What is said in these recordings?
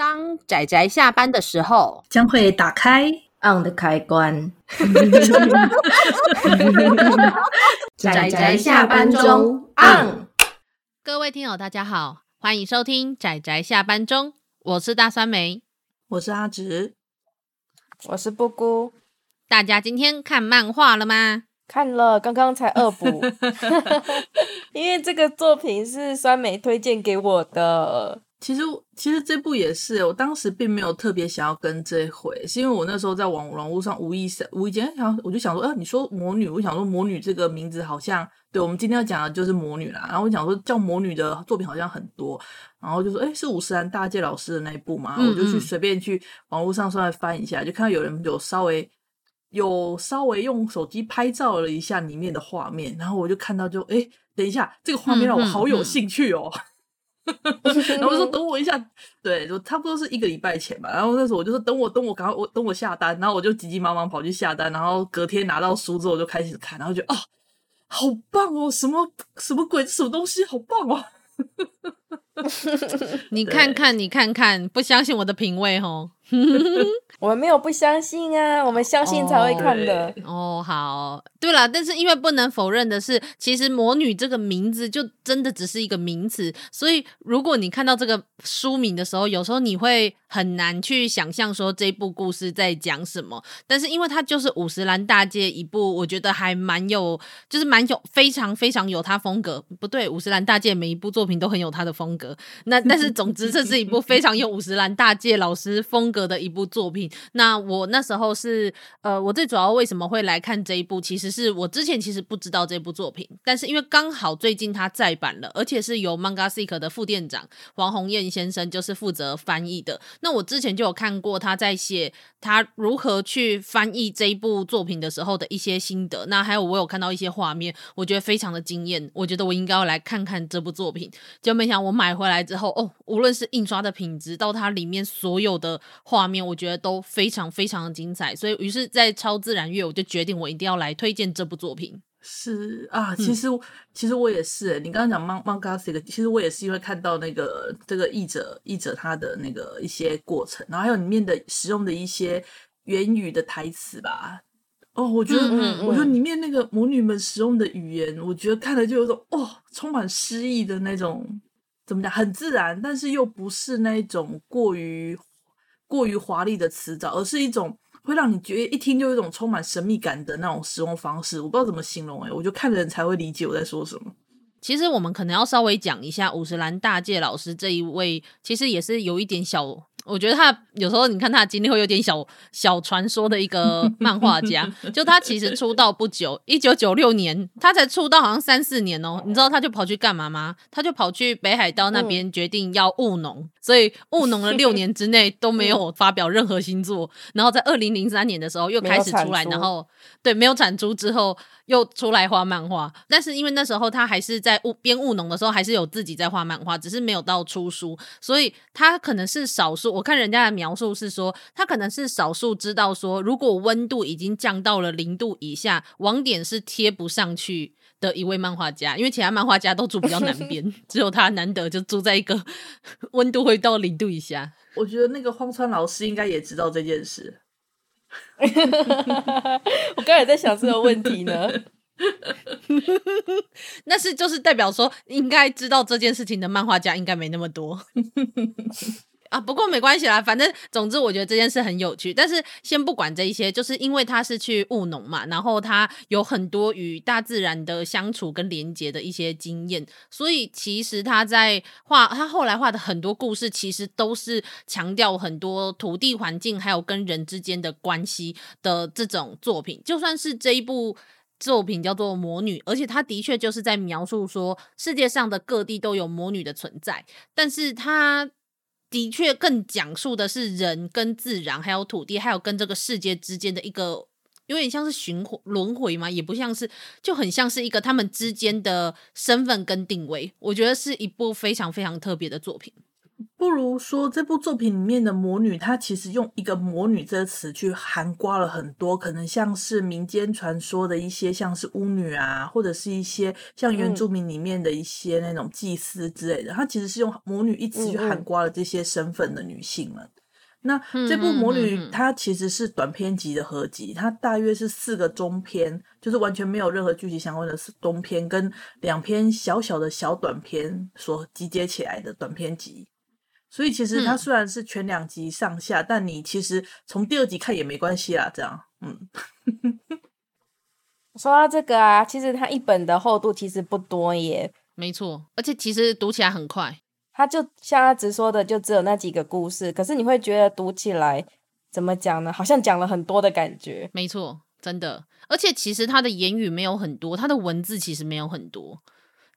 當宅宅下班的時候，將會打開 on、嗯、的開關。宅 宅 下班中 on、嗯。各位聽友，大家好，歡迎收聽宅宅下班中，我是大酸梅，我是阿直，我是布姑。大家今天看漫畫了嗎？看了，剛剛才惡補， 因為這個作品是酸梅推薦給我的。其實其實這部也是，我當時並沒有特別想要跟這一回，是因為我那時候在網網路上無意想無意間想，我就想說，呃，你說魔女，我想說魔女這個名字好像，對，我們今天要講的就是魔女啦。然後我想說叫魔女的作品好像很多，然後就說，哎，是五十嵐大介老師的那一部嘛，我就去隨便去網路上稍微翻一下，就看到有人有稍微有稍微用手機拍照了一下裡面的畫面，然後我就看到就，誒等一下，這個畫面讓我好有興趣哦。嗯嗯嗯 然後就說等我一下，對，就差不多是一個禮拜前吧。然後那時候我就說，等我等我趕快，我等我下單，然後我就急急忙忙跑去下單。然後隔天拿到書之後我就開始看，然後就啊，好棒哦，什麼什麼鬼，什麼東西，好棒哦，啊！ 你看看你看看，不相信我的品味哦。 我們沒有不相信啊，我們相信才會看的。哦，oh，oh，好，對了，但是因為不能否認的是，其實“魔女”這個名字就真的只是一個名詞，所以如果你看到這個書名的時候，有時候你會很難去想象說這部故事在講什麼。但是因為它就是五十嵐大介一部，我覺得還蠻有，就是蠻有非常非常有它風格。不對，五十嵐大介每一部作品都很有它的風格。那但是總之，這 是一部非常有五十嵐大介老師風格。的一部作品，那我那時候是呃，我最主要為什麼會來看這一部，其實是我之前其實不知道這部作品，但是因為剛好最近它再版了，而且是由 MangaSick 的副店長黃鴻硯先生就是負責翻譯的。那我之前就有看過他在寫他如何去翻譯這一部作品的時候的一些心得，那還有我有看到一些畫面，我覺得非常的驚艷，我覺得我應該要來看看這部作品。就沒想到我買回來之後，哦，無論是印刷的品質到它裡面所有的。畫面我覺得都非常非常的精彩，所以於是，在超自然月，我就決定我一定要來推薦這部作品。是啊，其實、嗯、其實我也是、欸，哎，你剛剛講《貓貓咖》是一其實我也是因為看到那個這個譯者譯者他的那個一些過程，然後還有裡面的使用的一些原語的台詞吧。哦，我覺得嗯嗯嗯我覺得裡面那個魔女們使用的語言，我覺得看了就有種哦，充滿詩意的那種，怎麼講？很自然，但是又不是那種過於。過於華麗的辭藻，而是一種會讓你覺得一聽就有一種充滿神祕感的那種使用方式。我不知道怎麼形容，欸，哎，我就看人才會理解我在說什麼。其實我們可能要稍微講一下五十嵐大介老師這一位，其實也是有一點小。我覺得他有時候，你看他的經歷會有點小小傳說的一個漫畫家。 就他其實出道不久，一九九六年他才出道，好像三四年哦、喔。 你知道他就跑去幹嘛嗎？他就跑去北海道那邊決定要務農、嗯，所以務農了六年之內都沒有發表任何新作。 然後在二零零三年的時候又開始出來，出然後對沒有產出之後，又出來畫漫畫，但是因為那時候他還是在務邊務農的時候，還是有自己在畫漫畫，只是沒有到出書，所以他可能是少數。我看人家的描述是說，他可能是少數知道說，如果溫度已經降到了零度以下，網點是貼不上去的一位漫畫家，因為其他漫畫家都住比較南邊， 只有他難得就住在一個溫度會到零度以下。我覺得那個荒川老師應該也知道這件事。 我剛才在想這個問題呢， 那是就是代表說，應該知道這件事情的漫畫家應該沒那麼多。 啊，不過沒關係啦，反正總之我覺得這件事很有趣。但是先不管這一些，就是因為他是去務農嘛，然後他有很多與大自然的相處跟連接的一些經驗，所以其實他在畫他後來畫的很多故事，其實都是強調很多土地環境還有跟人之間的關係的這種作品。就算是這一部作品叫做《魔女》，而且他的確就是在描述說世界上的各地都有魔女的存在，但是他。的確更講述的是人跟自然，還有土地，還有跟這個世界之間的一個，有點像是循環輪迴嘛，也不像是，就很像是一個他們之間的身份跟定位。我覺得是一部非常非常特別的作品。不如說，這部作品裡面的魔女，她其實用一個“魔女”這個詞去涵括了很多，可能像是民間傳說的一些，像是巫女啊，或者是一些像原住民裡面的一些那種祭司之類的。她其實是用“魔女”一詞去涵括了這些身份的女性們。那這部《魔女》它其實是短篇集的合集，它大約是四個中篇，就是完全沒有任何劇情相關的是中篇，跟兩篇小小的小短篇所集結起來的短篇集。所以其實它雖然是全兩集上下、嗯，但你其實從第二集看也沒關係啦。這樣，嗯。 說到這個啊，其實它一本的厚度其實不多耶。沒錯，而且其實讀起來很快。它就像他直說的，就只有那幾個故事。可是你會覺得讀起來怎麼講呢？好像講了很多的感覺。沒錯，真的。而且其實它的言語沒有很多，它的文字其實沒有很多。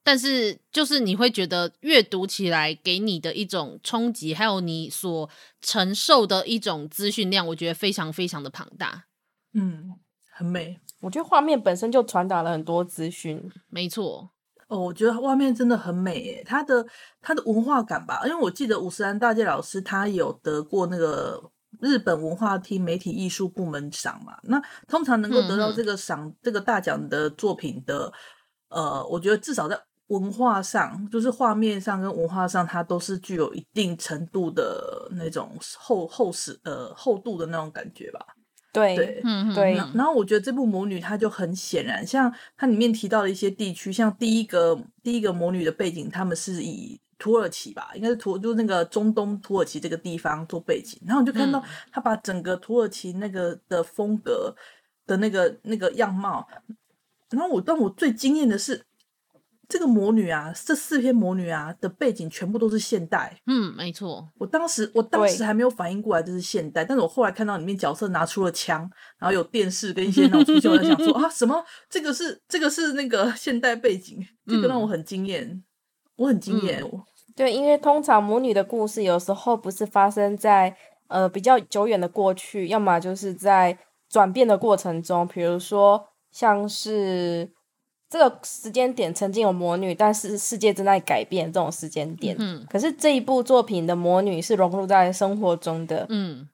但是，就是你會覺得閱讀起來，給你的一種衝擊，還有你所承受的一種資訊量，我覺得非常非常的龐大。嗯，很美。我覺得畫面本身就傳達了很多資訊。沒錯。哦，我覺得畫面真的很美。它的它的文化感吧，因為我記得五十嵐大介老師他有得過那個日本文化廳媒體藝術部門賞嘛。那通常能夠得到這個賞，嗯嗯，這個大獎的作品的，呃，我覺得至少在文化上，就是畫面上跟文化上，它都是具有一定程度的那種厚厚實呃厚度的那種感覺吧。對，嗯，對。然後我覺得這部魔女，它就很顯然，像它裡面提到的一些地區，像第一個第一個魔女的背景，他們是以土耳其吧，應該是土，就是、那個中東土耳其這個地方做背景。然後我就看到他把整個土耳其那個的風格的那個那個樣貌，然後我但我最驚豔的是，這個魔女啊，這四篇魔女啊的背景全部都是現代。嗯，沒錯。我當時我當時還沒有反應過來就是現代，但是我後來看到裡面角色拿出了槍，然後有電視跟一些老物件，就在想說 啊，什麼這個是這個是那個現代背景，這個讓我很驚豔，嗯。我很驚豔，嗯。對，因為通常魔女的故事有時候不是發生在呃比較久遠的過去，要麼就是在轉變的過程中，比如說像是。這個時間點曾經有魔女，但是世界正在改變，這種時間點。嗯，可是這一部作品的魔女是融入在生活中的。嗯，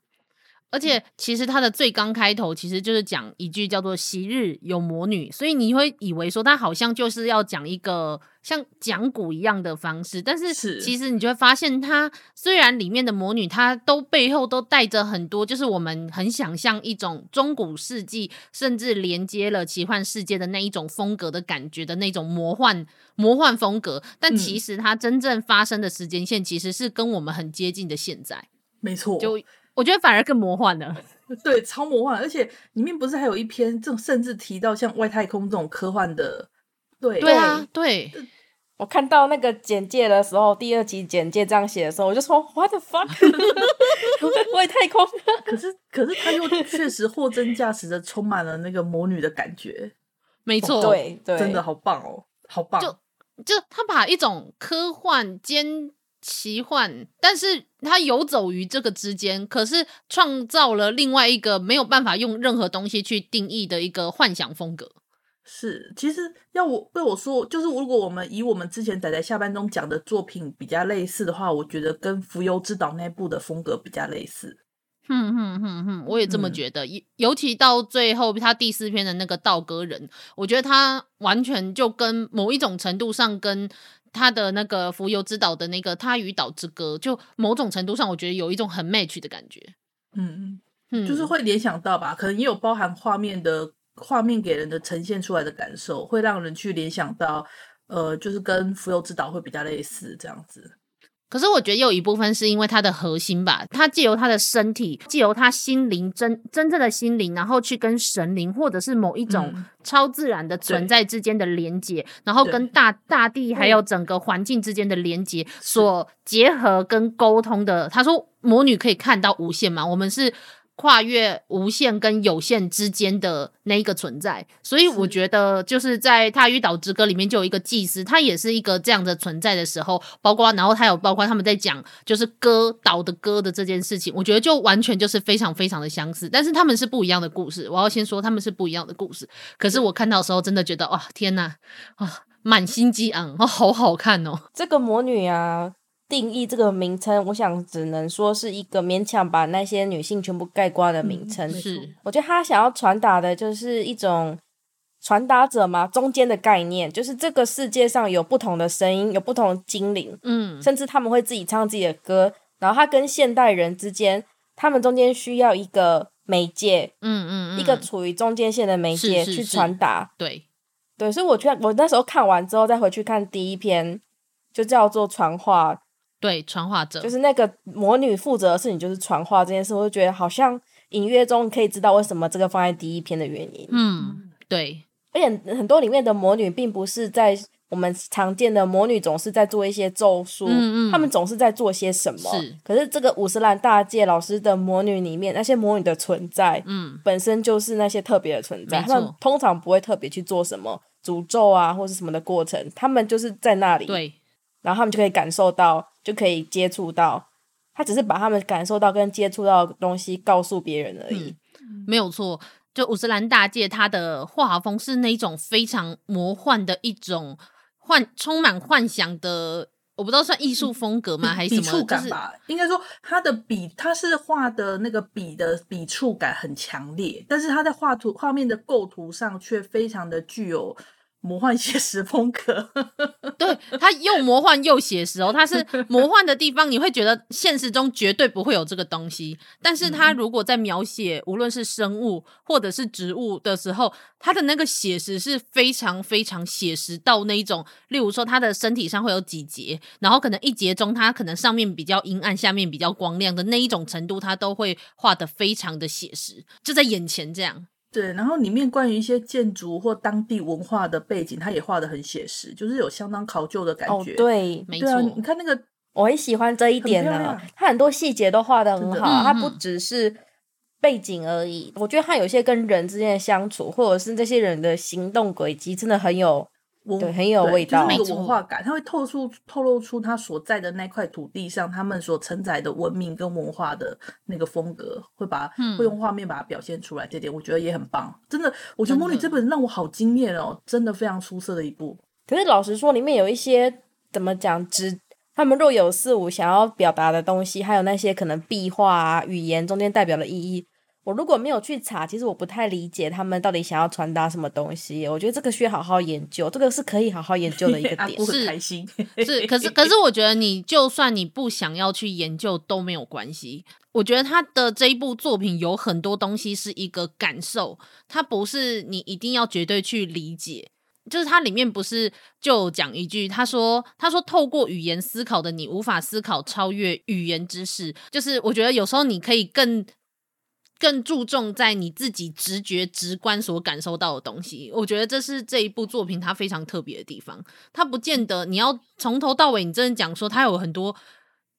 而且其實它的最剛開頭其實就是講一句叫做“昔日有魔女”，所以你會以為說它好像就是要講一個。像講古一樣的方式，但是其實你就會發現，它雖然裡面的魔女她都背後都帶着很多，就是我們很想象一種中古世紀，甚至連接了奇幻世界的那一種風格的感覺的那種魔幻魔幻風格，但其實它真正發生的時間線其實是跟我們很接近的現在。沒錯，就我覺得反而更魔幻了，對，超魔幻，而且裡面不是還有一篇這種甚至提到像外太空這種科幻的。對對啊，對我看到那個簡介的時候，第二集簡介這樣寫的時候，我就說 What the fuck！我也， 太空。 可是，可是他又確實貨真價實的充滿了那個魔女的感覺，沒錯，哦、對，對，真的好棒哦，好棒就。就他把一種科幻兼奇幻，但是他遊走於這個之間，可是創造了另外一個沒有辦法用任何東西去定義的一個幻想風格。是，其實要我被我說，就是如果我們以我們之前宅宅下班中講的作品比較類似的話，我覺得跟《浮游之島》那部的風格比較類似。哼哼哼哼，我也這麼覺得。尤、嗯、尤其到最後，他第四篇的那個《道歌人》，我覺得他完全就跟某一種程度上跟他的那個《浮游之島》的那個《他與島之歌》，就某種程度上，我覺得有一種很 match 的感覺。嗯，嗯就是會聯想到吧，可能也有包含畫面的。畫面給人的呈現出來的感受，會讓人去聯想到，呃，就是跟《浮游之島》會比較類似這樣子。可是我覺得有一部分是因為它的核心吧，它借由他的身體，借由他心靈，真真正的心靈，然後去跟神靈或者是某一種超自然的存在之間的連接、嗯，然後跟大大地還有整個環境之間的連接所結合跟溝通的。他說魔女可以看到無限嗎？我們是。跨越無限跟有限之間的那一個存在，所以我覺得就是在《他與島之歌》裡面就有一個祭司，他也是一個這樣的存在的時候，包括然後他有包括他們在講就是歌島的歌的這件事情，我覺得就完全就是非常非常的相似，但是他們是不一樣的故事。我要先說他們是不一樣的故事，可是我看到的時候真的覺得哇天哪啊，滿心激昂哦，好好看哦，這個魔女啊。定義這個名稱，我想只能說是一個勉強把那些女性全部概括的名稱。嗯。是，我覺得他想要傳達的就是一種傳達者嘛，中間的概念就是這個世界上有不同的聲音，有不同的精靈，嗯，甚至他們會自己唱自己的歌。然後他跟現代人之間，他們中間需要一個媒介，嗯嗯，嗯，一個處於中間線的媒介去傳達，對，對。所以我覺得我那時候看完之後，再回去看第一篇，就叫做傳話。對，傳話者就是那個魔女負責的事情，就是傳話這件事。我就覺得好像隱約中可以知道為什麼這個放在第一篇的原因。嗯，對。而且很多裡面的魔女並不是在我們常見的魔女，總是在做一些咒術。嗯嗯。他們總是在做些什麼？是。可是這個五十嵐大介老師的魔女裡面，那些魔女的存在，嗯，本身就是那些特別的存在。沒錯。他們通常不會特別去做什麼詛咒啊，或是什麼的過程。他們就是在那裡。對。然後他們就可以感受到。就可以接觸到，他只是把他們感受到跟接觸到的東西告訴別人而已，嗯、沒有錯。就五十嵐大介他的畫風是那種非常魔幻的一種幻，充滿幻想的，我不知道算藝術風格嗎？嗯、還是什麼？觸感吧，應該說他的筆，他是畫的那個筆的筆觸感很強烈，但是他在畫圖畫面的構圖上卻非常的具有。魔幻寫實風格， 對，它又魔幻又寫實哦。它是魔幻的地方，你會覺得現實中絕對不會有這個東西。但是它如果在描寫、嗯、無論是生物或者是植物的時候，它的那個寫實是非常非常寫實到那一種，例如說它的身體上會有幾節，然後可能一節中它可能上面比較陰暗，下面比較光亮的那一種程度，它都會畫得非常的寫實，就在眼前這樣。對，然後裡面關於一些建築或當地文化的背景，他也畫的很寫實，就是有相當考究的感覺。哦，對，對啊、沒錯，你看那個，我很喜歡這一點呢、啊。他很漂亮、啊、很多細節都畫的很好，他、嗯、不只是背景而已。我覺得他有些跟人之間的相處，或者是這些人的行動軌跡，真的很有。對，很有味道，就是、那個文化感，他會透出、透露出他所在的那塊土地上他們所承載的文明跟文化的那個風格，會把，嗯、會用畫面把它表現出來。這點我覺得也很棒，真的，我覺得《魔女》這本讓我好驚豔哦真，真的非常出色的一部。可是老實說，裡面有一些怎麼講，只他們若有似無想要表達的東西，還有那些可能壁畫啊、語言中間代表的意義。我如果沒有去查，其實我不太理解他們到底想要傳達什麼東西。我覺得這個需要好好研究，這個是可以好好研究的一個點。是 很開心是，是，可是，可是，我覺得你就算你不想要去研究都沒有關係。我覺得他的這一部作品有很多東西是一個感受，它不是你一定要絕對去理解。就是它裡面不是就講一句，他說，他說，透過語言思考的你無法思考超越語言知識。就是我覺得有時候你可以更。更注重在你自己直覺、直觀所感受到的東西，我覺得這是這一部作品它非常特別的地方。它不見得你要從頭到尾，你真的講說它有很多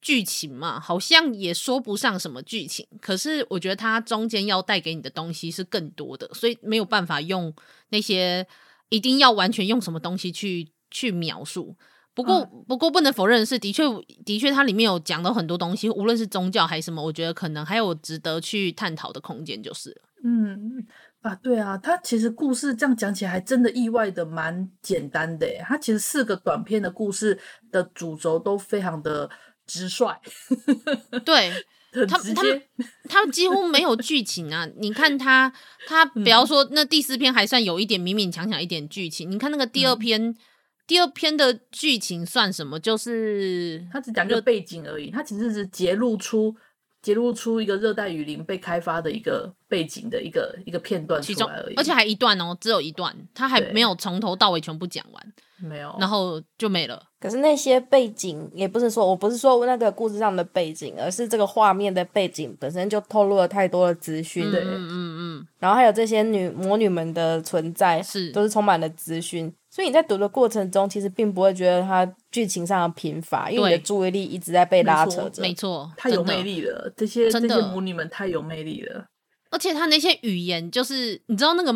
劇情嘛，好像也說不上什麼劇情。可是我覺得它中間要帶給你的東西是更多的，所以沒有辦法用那些一定要完全用什麼東西去去描述。不過，不過不能否認的是、嗯，的確，的確，它裡面有講到很多東西，無論是宗教還是什麼，我覺得可能還有值得去探討的空間，就是。嗯啊，對啊，它其實故事這樣講起來，還真的意外的蠻簡單的誒。它其實四個短篇的故事的主軸都非常的直率，對， 很直接，他們幾乎沒有劇情啊。 你看他，他比方說那第四篇還算有一點勉勉強強一點劇情、嗯，你看那個第二篇。嗯第二篇的劇情算什麼？就是它只講個背景而已，它其實是揭露出、揭露出一個熱帶雨林被開發的一個背景的一個一個片段出來而已，其中，而且還一段哦，只有一段，它還沒有從頭到尾全部講完。沒有，然後就沒了。可是那些背景也不是說，我不是說那個故事上的背景，而是這個畫面的背景本身就透露了太多的資訊。嗯嗯嗯。然後還有這些女魔女們的存在，是都是充滿了資訊。所以你在讀的過程中，其實並不會覺得它劇情上的貧乏，因為你的注意力一直在被拉扯着。沒錯，太有魅力了，這些真的這些魔女們太有魅力了。而且她那些語言，就是你知道，那個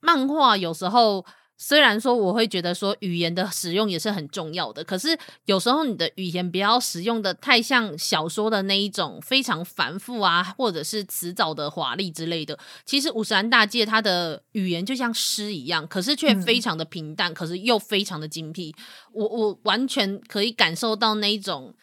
漫畫有時候。雖然說我會覺得說語言的使用也是很重要的，可是有時候你的語言不要使用的太像小說的那一種非常繁複啊，或者是辭藻的華麗之類的。其實五十嵐大介他的語言就像詩一樣，可是卻非常的平淡，嗯，可是又非常的精闢。我我完全可以感受到那一種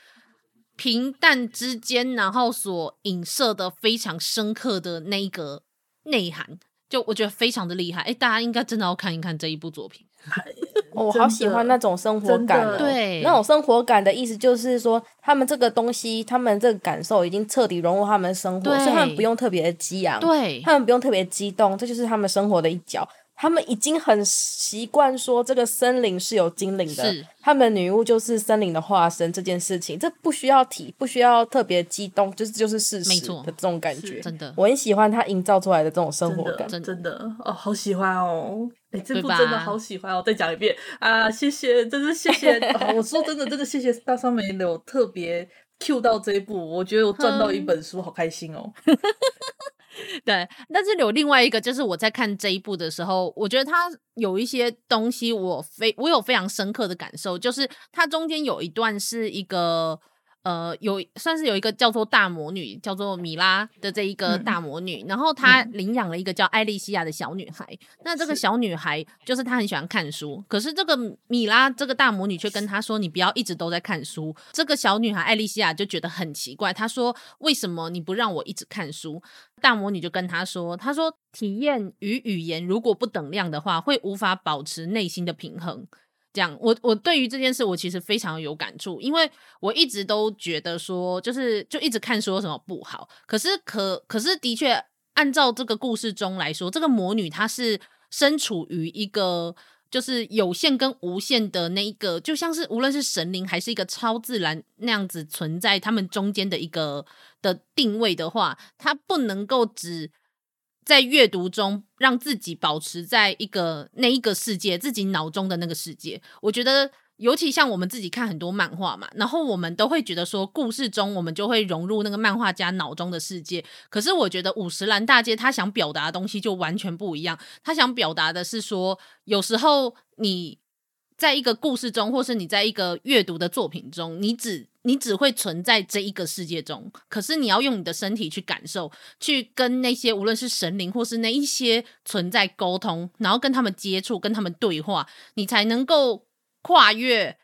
平淡之間，然後所影射的非常深刻的那一個內涵。就我覺得非常的厲害，哎、欸，大家應該真的要看一看這一部作品。 哎、我好喜歡那種生活感、喔，對，那種生活感的意思就是說，他們這個東西，他們這個感受已經徹底融入他們的生活，所以他們不用特別激昂，對，他們不用特別激動，這就是他們生活的一角。他們已經很習慣說這個森林是有精靈的是，他們女巫就是森林的化身這件事情，這不需要提，不需要特別激動，就是就是事實的這種感覺。真的，我很喜歡他營造出來的這種生活感，真的，真的哦，好喜歡哦，哎、欸，這部真的好喜歡，哦。再講一遍啊，謝謝，真的謝謝、 哦，我說真的，真的謝謝大三美女特別 Q 到這一部，我覺得我賺到一本書，好開心哦。 對，那這裡有另外一個，就是我在看這一部的時候，我覺得它有一些東西，我非我有非常深刻的感受，就是它中間有一段是一個。呃，有算是有一個叫做大魔女，叫做米拉的這一個大魔女，嗯、然後她領養了一個叫艾利西亞的小女孩。嗯。那這個小女孩就是她很喜歡看書，是。可是這個米拉這個大魔女卻跟她說：“你不要一直都在看書。”這個小女孩艾利西亞就覺得很奇怪，她說：“為什麼你不讓我一直看書？”大魔女就跟她說：“她說體驗與語言如果不等量的話，會無法保持內心的平衡。”這樣，我我對於這件事，我其實非常有感觸，因為我一直都覺得說，就是就一直看說什麼不好，可是可可是的確按照這個故事中來說，這個魔女，她是身處於一個就是有限跟無限的那一個，就像是無論是神靈還是一個超自然那樣子存在，他們中間的一個的定位的話，她不能夠只。在閱讀中，讓自己保持在一個那一個世界，自己腦中的那個世界。我覺得，尤其像我們自己看很多漫畫嘛，然後我們都會覺得說，故事中我們就會融入那個漫畫家腦中的世界。可是，我覺得五十嵐大介他想表達的東西就完全不一樣。他想表達的是說，有時候你。在一個故事中，或是你在一個閱讀的作品中，你只你只會存在這一個世界中。可是你要用你的身體去感受，去跟那些無論是神靈或是那一些存在溝通，然後跟他們接觸，跟他們對話，你才能夠跨越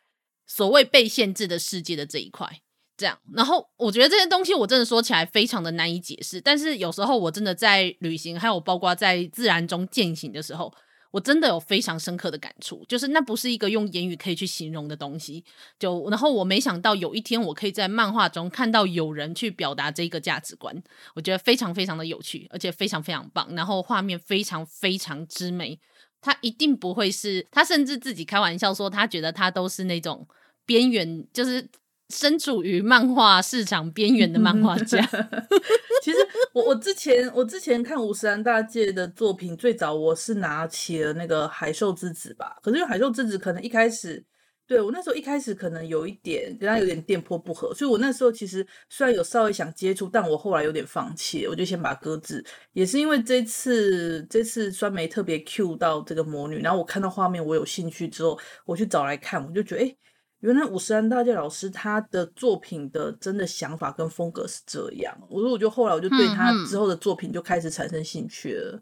所謂被限制的世界的這一塊。這樣，然後我覺得這些東西我真的說起來非常的難以解釋。但是有時候我真的在旅行，還有包括在自然中踐行的時候。我真的有非常深刻的感觸，就是那不是一個用言語可以去形容的東西。就然後我沒想到有一天我可以在漫畫中看到有人去表達這個價值觀，我覺得非常非常的有趣，而且非常非常棒。然後畫面非常非常之美，他一定不會是他，甚至自己開玩笑說他覺得他都是那種邊緣，就是。身處於漫畫市場邊緣的漫畫家，嗯， 其實我我之前我之前看五十嵐大介的作品， 最早我是拿起了那個《海獸之子》吧，可是因為《海獸之子》可能一開始對我那時候一開始可能有一點跟他有點電波不合，所以我那時候其實雖然有稍微想接觸，但我後來有點放棄，我就先把它擱置。也是因為這次這次酸梅特別 cue 到這個魔女，然後我看到畫面我有興趣之後，我去找來看，我就覺得哎。欸原來五十嵐大介老師，他的作品的真的想法跟風格是這樣，我說我就後來我就對他之後的作品就開始產生興趣了。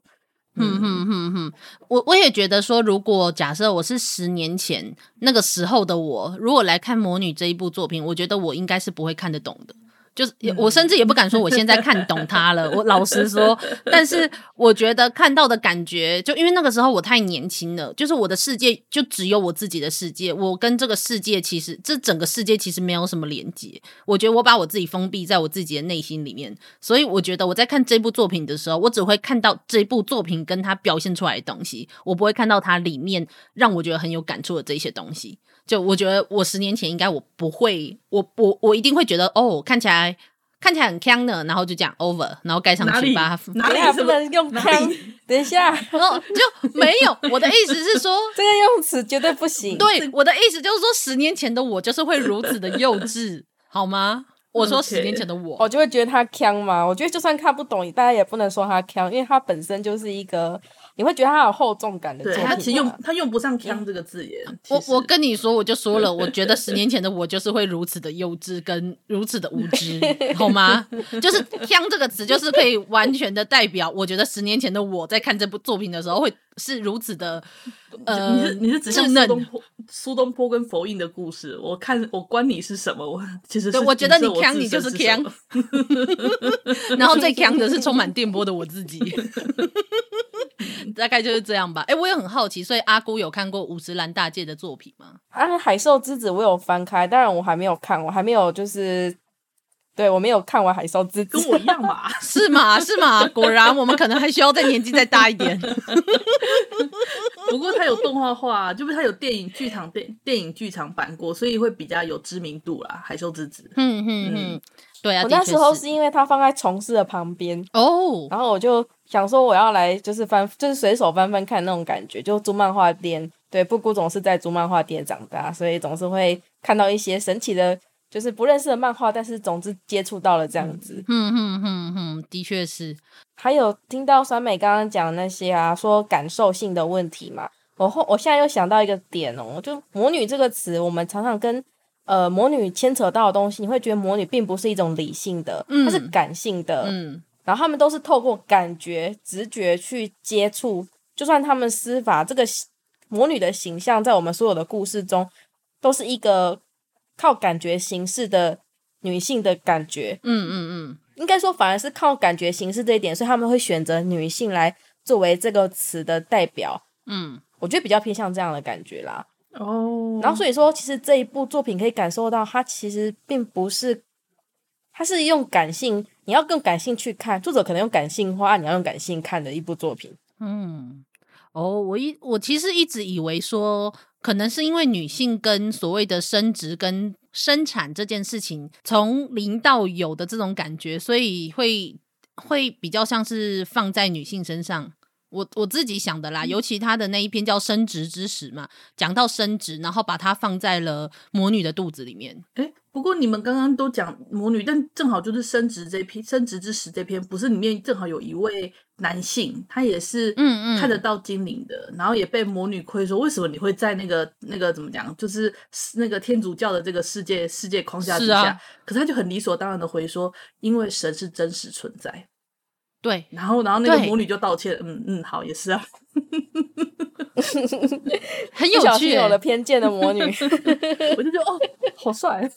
嗯哼哼哼，我我也覺得說，如果假設我是十年前那個時候的我，如果來看《魔女》這一部作品，我覺得我應該是不會看得懂的。就是我甚至也不敢說我現在看懂他了， 我老實說。但是我覺得看到的感覺，就因為那個時候我太年輕了，就是我的世界就只有我自己的世界，我跟這個世界其實這整個世界其實沒有什麼連接。我覺得我把我自己封閉在我自己的內心裡面，所以我覺得我在看這部作品的時候，我只會看到這部作品跟他表現出來的東西，我不會看到它裡面讓我覺得很有感觸的這些東西。就我覺得我十年前應該我不會。.我我我一定會覺得哦，看起來看起來很嗆的，然後就這樣 over，然後蓋上去吧。哪裡，哪裡還不能用嗆？等一下，然 後、哦、就沒有。 我的意思是說，這個用詞絕對不行。對，我的意思就是說，十年前的我就是會如此的幼稚， 好嗎？我說十年前的我，okay。我就會覺得他嗆嘛。我覺得就算看不懂，大家也不能說他嗆，因為他本身就是一個。你會覺得它有厚重感的作品、對、哎、其實用它用不上“強”這個字眼。嗯、我我跟你說，我就說了，我覺得十年前的我就是會如此的幼稚，跟如此的無知， 好嗎？就是“強”這個詞，就是可以完全的代表。我覺得十年前的我在看這部作品的時候，會是如此的……嗯、呃，你是你是指向蘇東坡、蘇東坡跟佛印的故事？我看我關你是什麼？我其實是我是什麼對我覺得“你強”你就是“強 ”， 然後最“強”的是充滿電波的我自己。 大概就是這樣吧。哎、欸，我也很好奇，所以阿姑有看過五十嵐大介的作品嗎？啊，《海獸之子》我有翻開，當然我還沒有看，我還沒有就是，對，我沒有看完《海獸之子》，跟我一樣嘛？ 是嗎？是嗎？ 果然我們可能還需要再年紀再大一點。 不過他有動畫化、啊，就是他有電影劇場電電影劇場版過，所以會比較有知名度啦，《海獸之子》嗯。嗯嗯嗯。對、啊，我那時候是因為它放在蟲師的旁邊哦，然後我就想說我要來就是翻，就是隨手翻翻看那種感覺。就租漫畫店，對，布穀總是在租漫畫店長大，所以總是會看到一些神奇的，就是不認識的漫畫，但是總之接觸到了這樣子。嗯嗯嗯嗯，嗯，的確是。還有聽到酸美剛剛講那些啊，說感受性的問題嘛，我後我現在又想到一個點哦、喔，就魔女這個詞，我們常常跟。呃，魔女牽扯到的東西，你會覺得魔女並不是一種理性的，嗯，它是感性的，嗯。然後他們都是透過感覺、直覺去接觸。就算他們施法，這個魔女的形象在我們所有的故事中都是一個靠感覺行事的女性的感覺。嗯嗯嗯，應該說反而是靠感覺行事這一點，所以他們會選擇女性來作為這個詞的代表。嗯，我覺得比較偏向這樣的感覺啦。哦、oh.，然後所以說，其實這一部作品可以感受到，它其實並不是，它是用感性，你要用感性去看。作者可能用感性畫，你要用感性看的一部作品。嗯，哦，我一我其實一直以為說，可能是因為女性跟所謂的生殖跟生產這件事情，從零到有的這種感覺，所以會會比較像是放在女性身上。我我自己想的啦，尤其他的那一篇叫《生殖之石》嘛，講到生殖，然後把它放在了魔女的肚子裡面。哎、欸，不過你們剛剛都講魔女，但正好就是生殖《生殖》這篇，《生殖之石》這篇，不是裡面正好有一位男性，他也是嗯嗯看得到精靈的嗯嗯，然後也被魔女虧說為什麼你會在那個那個怎麼講，就是那個天主教的這個世界世界框架之下、啊，可是他就很理所當然的回說，因為神是真實存在。對，然後，然後那個魔女就道歉，嗯嗯，好，也是啊， 很有趣、欸，有了偏見的魔女， 我就覺得哦，好帥。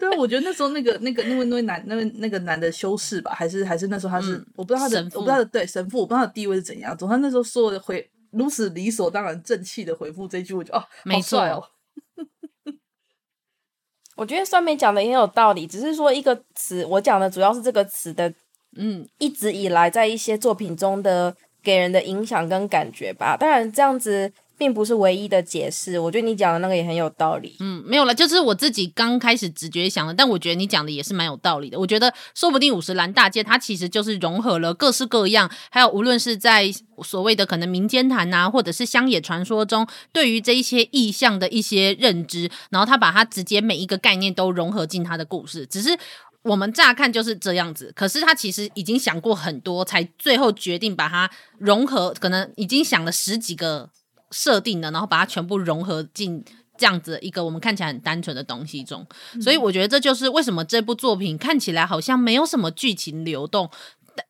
對，我覺得那時候那個那個那位那位男那位那個男的修士吧，還是還是那時候他是、嗯、我不知道他的我不知道對神父，我不知道，不知道他的地位是怎樣，總之那時候說的回如此理所當然正氣的回復這句，我就哦沒錯，好帥哦。我覺得上面講的也有道理，只是說一個詞，我講的主要是這個詞的，嗯，一直以來在一些作品中的給人的影響跟感覺吧。當然，這樣子。並不是唯一的解釋，我覺得你講的那個也很有道理。嗯，沒有了，就是我自己剛開始直覺想的，但我覺得你講的也是蠻有道理的。我覺得說不定五十嵐大介它其實就是融合了各式各樣，還有無論是在所謂的可能民間談啊，或者是鄉野傳說中，對於這一些意象的一些認知，然後他把它直接每一個概念都融合進他的故事。只是我們乍看就是這樣子，可是他其實已經想過很多，才最後決定把它融合。可能已經想了十幾個。設定的，然後把它全部融合進這樣子一個我們看起來很單純的東西中。嗯，所以我覺得這就是為什麼這部作品看起來好像沒有什麼劇情流動，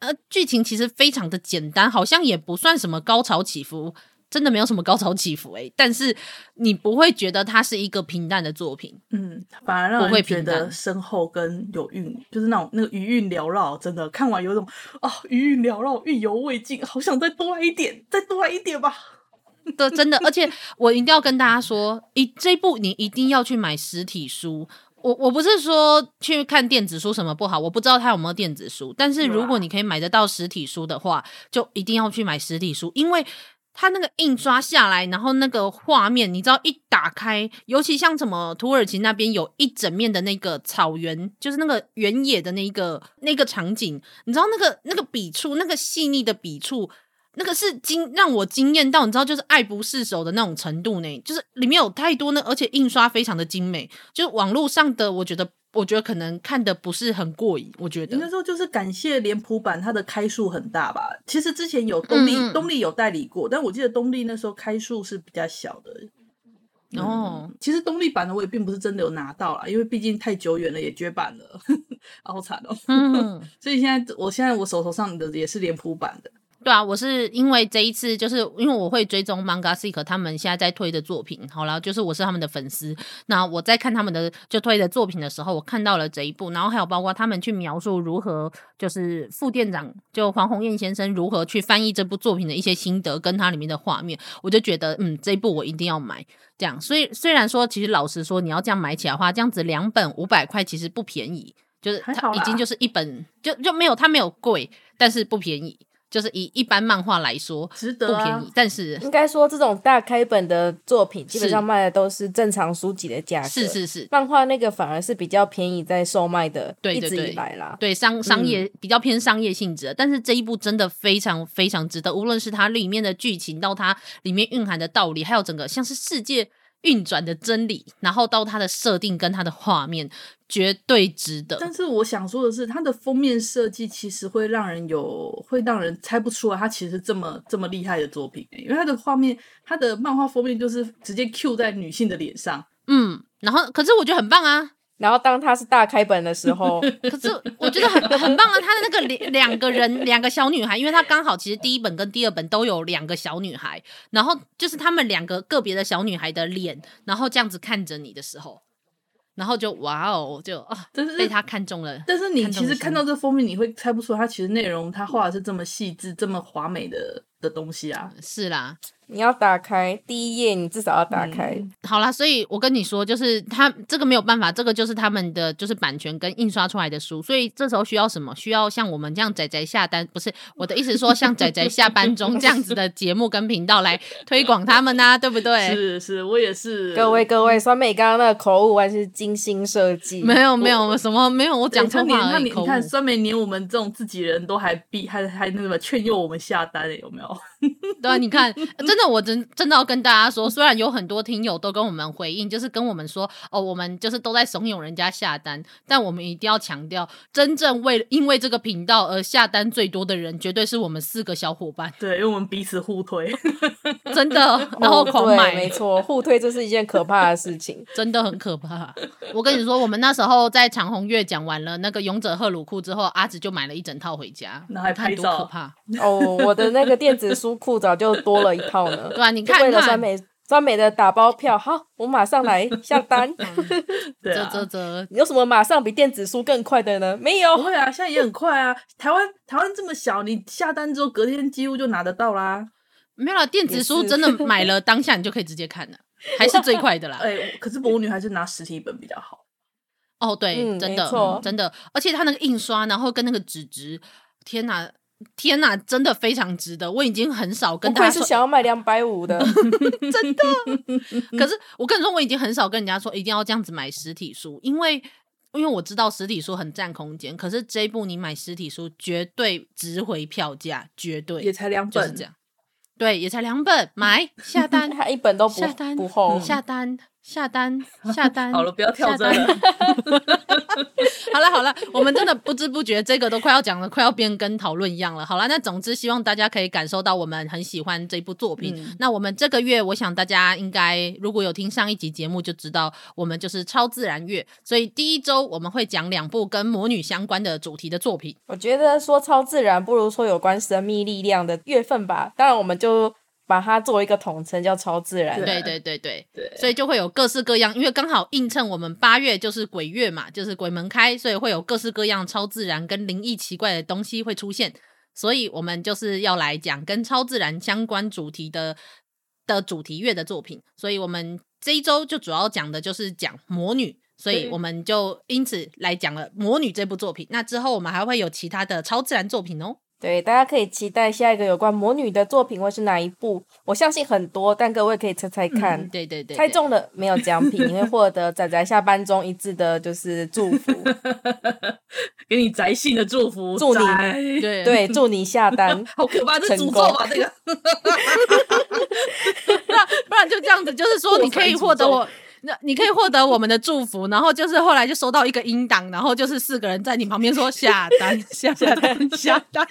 呃，劇情其實非常的簡單，好像也不算什麼高潮起伏，真的沒有什麼高潮起伏，欸。哎，但是你不會覺得它是一個平淡的作品，嗯，反而讓我會覺得深厚跟有韻，就是那種那個餘韻繚繞，真的看完有種哦，餘韻繚繞，意猶未盡，好想再多來一點，再多來一點吧。 對，真的，而且我一定要跟大家說，一這一部你一定要去買實體書。我我不是說去看電子書什麼不好，我不知道它有沒有電子書，但是如果你可以買得到實體書的話，啊、就一定要去買實體書，因為它那個印刷下來，然後那個畫面，你知道一打開，尤其像什麼土耳其那邊有一整面的那個草原，就是那個原野的那個那個場景，你知道那個那個筆觸，那個細膩、那個、的筆觸。那個是驚讓我驚豔到，你知道，就是愛不釋手的那種程度呢、欸。就是裡面有太多呢，而且印刷非常的精美。就是網絡上的，我覺得，我覺得可能看的不是很過癮。我覺得那時候就是感謝臉譜版，它的開數很大吧。其實之前有東立、嗯，東立有代理過，但我記得東立那時候開數是比較小的、欸。哦、嗯，其實東立版的我也並不是真的有拿到了，因為畢竟太久遠了，也絕版了， 好慘哦、喔。嗯、 所以現在我現在我手頭上的也是臉譜版的。對啊，我是因為這一次，就是因為我會追蹤 MangaSick 他們現在在推的作品，好啦，就是我是他們的粉絲，那我在看他們的就推的作品的時候，我看到了這一部，然後還有包括他們去描述如何就是副店長就黃鴻硯先生如何去翻譯這部作品的一些心得，跟它裡面的畫面，我就覺得嗯，這一部我一定要買。這樣，所以雖然說，其實老實說，你要這樣買起來的話，這樣子兩本五百塊其實不便宜，就是它已經就是一本、啊、就就沒有它沒有貴，但是不便宜。就是以一般漫畫來說，值得、啊、不便宜。但是應該說，這種大開本的作品基本上賣的都是正常書籍的價格。是是是，是，漫畫那個反而是比較便宜在售賣的。對，對，對，一直以來啦，對商商業、嗯、比較偏商業性質。但是這一部真的非常非常值得，無論是它裡面的劇情，到它裡面蘊含的道理，還有整個像是世界運轉的真理，然後到它的設定跟它的畫面，絕對值得。但是我想說的是，它的封面設計其實會讓人有，會讓人猜不出來，它其實是這麼這麼厲害的作品。因為它的畫面，它的漫畫封面就是直接 Q 在女性的臉上，嗯，然後可是我覺得很棒啊。然後當她是大開本的時候， 可是我覺得很很棒啊！他的那個兩兩個人，兩個小女孩，因為他剛好其實第一本跟第二本都有兩個小女孩，然後就是他們兩個個別的小女孩的臉，然後這樣子看着你的時候，然後就哇哦，就啊，是被他看中了。但是你其實看到這封面，你會猜不出他其實內容，他畫的是這麼細緻、嗯、這麼華美的的東西啊！是啦。你要打開第一頁，你至少要打開、嗯。好啦，所以我跟你說，就是他這個沒有辦法，這個就是他們的就是版權跟印刷出來的書，所以這時候需要什麼？需要像我們這樣宅宅下單，不是我的意思，說像宅宅下班中這樣子的節目跟頻道來推廣他們吶、啊， 對不對？是是，我也是。各位各位，酸梅剛剛那個口誤我還是精心設計，沒有沒有什麼，沒有我講錯話。你看你看，酸梅連我們這種自己人都還避，還還那什麼勸誘我們下單、欸，有沒有？ 對啊，你看，真的，我真真的要跟大家說，雖然有很多聽友都跟我們回應，就是跟我們說，哦，我們就是都在慫恿人家下單，但我們一定要強調，真正為因為這個頻道而下單最多的人，絕對是我們四個小夥伴。對，因為我們彼此互推， 真的，然後狂買，oh, 沒錯，互推這是一件可怕的事情， 真的很可怕。我跟你說，我們那時候在長虹月講完了那個勇者赫魯庫之後，阿紫就買了一整套回家，那還,還多可怕哦！Oh, 我的那個電子書庫。 早就多了一套呢，對啊，你看貴的專美專美的打包票，好，我馬上來下單。這 這對、啊，這， 你有什麼馬上比電子書更快的呢？沒有，不會啊，現在也很快啊。 台灣台灣這麼小，你下單之後隔天幾乎就拿得到啦。沒有啦，電子書真的買了當下你就可以直接看了，是 還是最快的啦。哎、 欸，可是魔女還是拿實體本比較好。哦，對，嗯、真的、嗯、真的，而且它那個印刷，然後跟那個紙質，天哪。天哪、啊，真的非常值得！我已經很少跟他說是想要買兩百五的， 真的。可是我跟你說，我已經很少跟人家說一定要這樣子買實體書，因為因為我知道實體書很占空間。可是這一部你買實體書絕對值回票價，絕對也才兩本、就是、這樣。對，也才兩本，買下單，它 一本都不下單。嗯，下單下單，下單。 好了，不要跳針了。 好了，好了，我們真的不知不覺，這個都快要講了，快要變跟討論一樣了。好了，那總之希望大家可以感受到我們很喜歡這部作品。嗯。那我們這個月，我想大家應該如果有聽上一集節目，就知道我們就是超自然月。所以第一週我們會講兩部跟魔女相關的主題的作品。我覺得說超自然，不如說有關神秘力量的月份吧。當然，我們就。把它作為一個統稱叫超自然。對對對對，對，所以就會有各式各樣，因為剛好映襯我們八月就是鬼月嘛，就是鬼門開，所以會有各式各樣超自然跟靈異奇怪的東西會出現，所以我們就是要來講跟超自然相關主題的的主題月的作品，所以我們這一周就主要講的就是講魔女，所以我們就因此來講了魔女這部作品，那之後我們還會有其他的超自然作品哦。對，大家可以期待下一個有關魔女的作品會是哪一部？我相信很多，但各位可以猜猜看。嗯、對，對對對，猜中了沒有獎品？你會獲得宅宅下班中一致的就是祝福， 給你宅性的祝福，祝你對對，對，祝你下單， 好可怕這詛咒吧？這個， 不然就這樣子，就是說你可以獲得我。我那你可以獲得我們的祝福， 然後就是後來就收到一個音檔，然後就是四個人在你旁邊說 下單、下單、下單，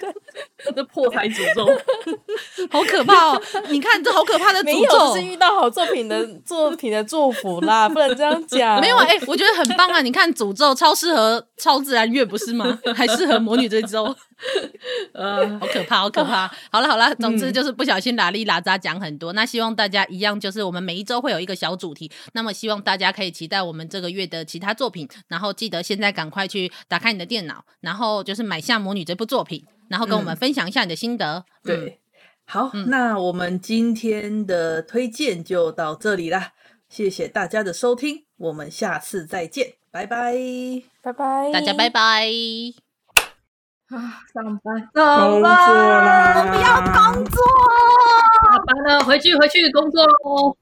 這破台詛咒， 好可怕哦！ 你看這好可怕的詛咒，沒有，是遇到好作品的作品的祝福啦，不能這樣講。 沒有哎、欸，我覺得很棒啊！你看詛咒超適合超自然月，不是嗎？還適合魔女這週。呃 ，uh, 好可怕，好可怕。好了，好、嗯、了，總之就是不小心拉哩拉雜講很多、嗯。那希望大家一樣，就是我們每一周會有一個小主題。那麼希望大家可以期待我們這個月的其他作品。然後記得現在趕快去打開你的電腦，然後就是買下《魔女》這部作品，然後跟我們分享一下你的心得。嗯嗯、對，好、嗯，那我們今天的推薦就到這裡啦。謝謝大家的收聽，我們下次再見，拜拜，拜拜，大家拜拜。啊，上班，上班了，我不要工作，下班了，回去，回去工作嘍。